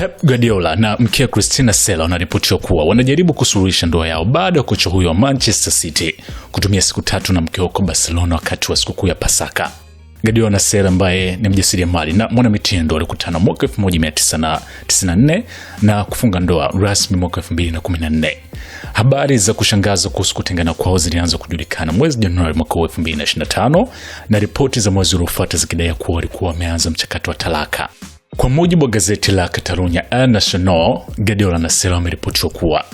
Pep Guardiola na mkia Christina Sela wanaripotiwa kuwa wanajaribu kusuluhisha ndoa yao baada ya kocha huyo wa Manchester City kutumia siku tatu na mke huko Barcelona wakati wa sikukuu ya Pasaka. Guardiola na Sela ambaye ni mjasiriamali na mwanamitindo walikutana mwaka 1994 na kufunga ndoa rasmi mwaka 2014. Habari za kushangaza kuhusu kutengana kwao zilianza kujulikana mwezi Januari mwaka 2025 na ripoti za mwezi uliofuata zikidai kuwa walikuwa wameanza mchakato wa talaka. Kwa mujibu wa gazeti la Catalonia El Nacional, Guardiola na Sera wameripotiwa kuwa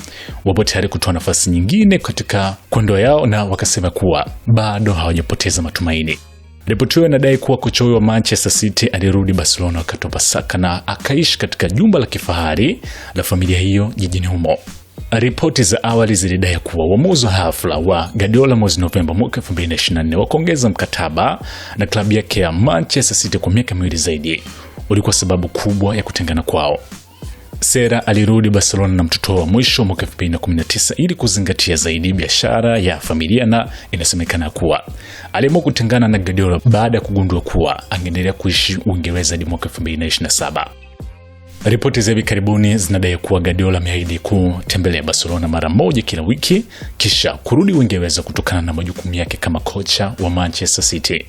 wapo tayari kutoa nafasi nyingine katika kondoa yao na wakasema kuwa bado hawajapoteza matumaini. Ripoti hiyo inadai kuwa kocha huyo wa Manchester City alirudi Barcelona wakati wa Pasaka na akaishi katika jumba la kifahari la familia hiyo jijini humo. Ripoti za awali zilidai kuwa uamuzi wa hafla wa Guardiola mwezi Novemba mwaka 2024 wa kuongeza mkataba na klabu yake ya Manchester City kwa miaka miwili zaidi ulikuwa sababu kubwa ya kutengana kwao. Sera alirudi Barcelona na mtoto wa mwisho mwaka 2019 ili kuzingatia zaidi biashara ya familia, na inasemekana kuwa aliamua kutengana na Guardiola baada ya kugundua kuwa angeendelea kuishi Uingereza hadi mwaka 2027. Ripoti za hivi karibuni zinadai kuwa Guardiola ameahidi kutembelea Barcelona mara moja kila wiki kisha kurudi Uingereza kutokana na majukumu yake kama kocha wa Manchester City.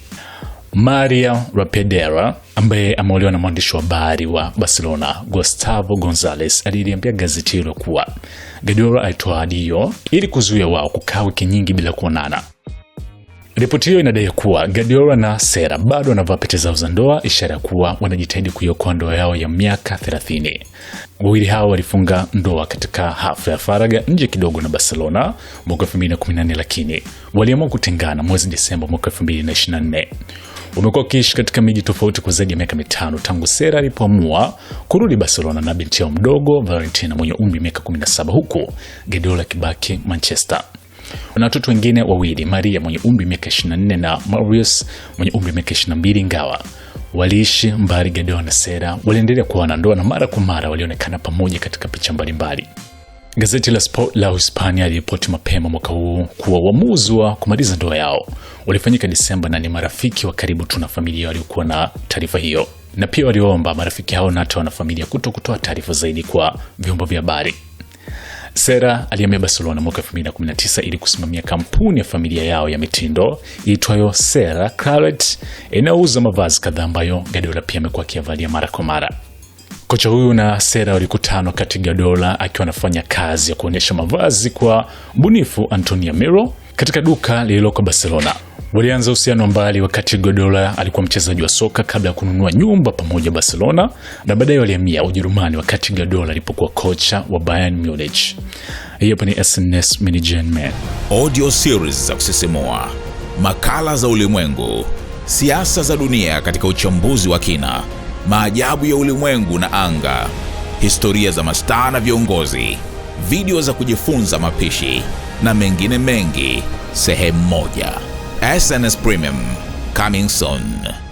Maria Rapedera ambaye ameolewa na mwandishi wa habari wa Barcelona Gustavo Gonzalez aliliambia gazeti hilo kuwa Guardiola alitoa ahadi hiyo ili kuzuia wao kukaa wiki nyingi bila kuonana. Ripoti hiyo inadai kuwa Guardiola na Sera bado wanavaa pete zao za ndoa, ishara ya kuwa wanajitahidi kuiokoa ndoa yao ya miaka 30. Wawili hao walifunga ndoa katika hafla ya faraga nje kidogo na Barcelona mwaka 2018, lakini waliamua kutengana mwezi Desemba mwaka 2024. Wamekuwa wakiishi katika miji tofauti kwa zaidi ya miaka mitano tangu Sera alipoamua kurudi Barcelona na binti yao mdogo Valentina mwenye umri miaka 17, huku Guardiola akibaki Manchester na watoto wengine wawili, Maria mwenye umri wa miaka 24 na Marius mwenye umri miaka 22. Ingawa waliishi mbali, gadeo na Sera waliendelea kuwa wanandoa na mara kwa mara walionekana pamoja katika picha mbalimbali. Gazeti la Sport la Hispania liliripoti mapema mwaka huu kuwa uamuzi wa kumaliza ndoa yao ulifanyika Desemba, na ni marafiki wa karibu tu na familia waliokuwa na taarifa hiyo, na pia waliomba marafiki hao na hata wanafamilia kuto kutoa taarifa zaidi kwa vyombo vya habari. Sera alihamia Barcelona mwaka 2019 ili kusimamia kampuni ya familia yao ya mitindo iitwayo Sera Claret inayouza mavazi kadhaa ambayo Guardiola pia amekuwa akiavalia mara kwa mara. Kocha huyu na Sera walikutana wakati Guardiola akiwa anafanya kazi ya kuonyesha mavazi kwa mbunifu Antonio Miro katika duka lililoko Barcelona. Walianza uhusiano mbali wakati Guardiola alikuwa mchezaji wa soka kabla ya kununua nyumba pamoja Barcelona, na baadaye walihamia Ujerumani wakati Guardiola alipokuwa kocha wa Bayern Munich. Hiyo hapa ni SNS Management Man. Audio series za kusisimua, makala za ulimwengu, siasa za dunia katika uchambuzi wa kina, maajabu ya ulimwengu na anga, historia za mastaa na viongozi, video za kujifunza mapishi na mengine mengi, sehemu moja. SNS Premium. Coming soon.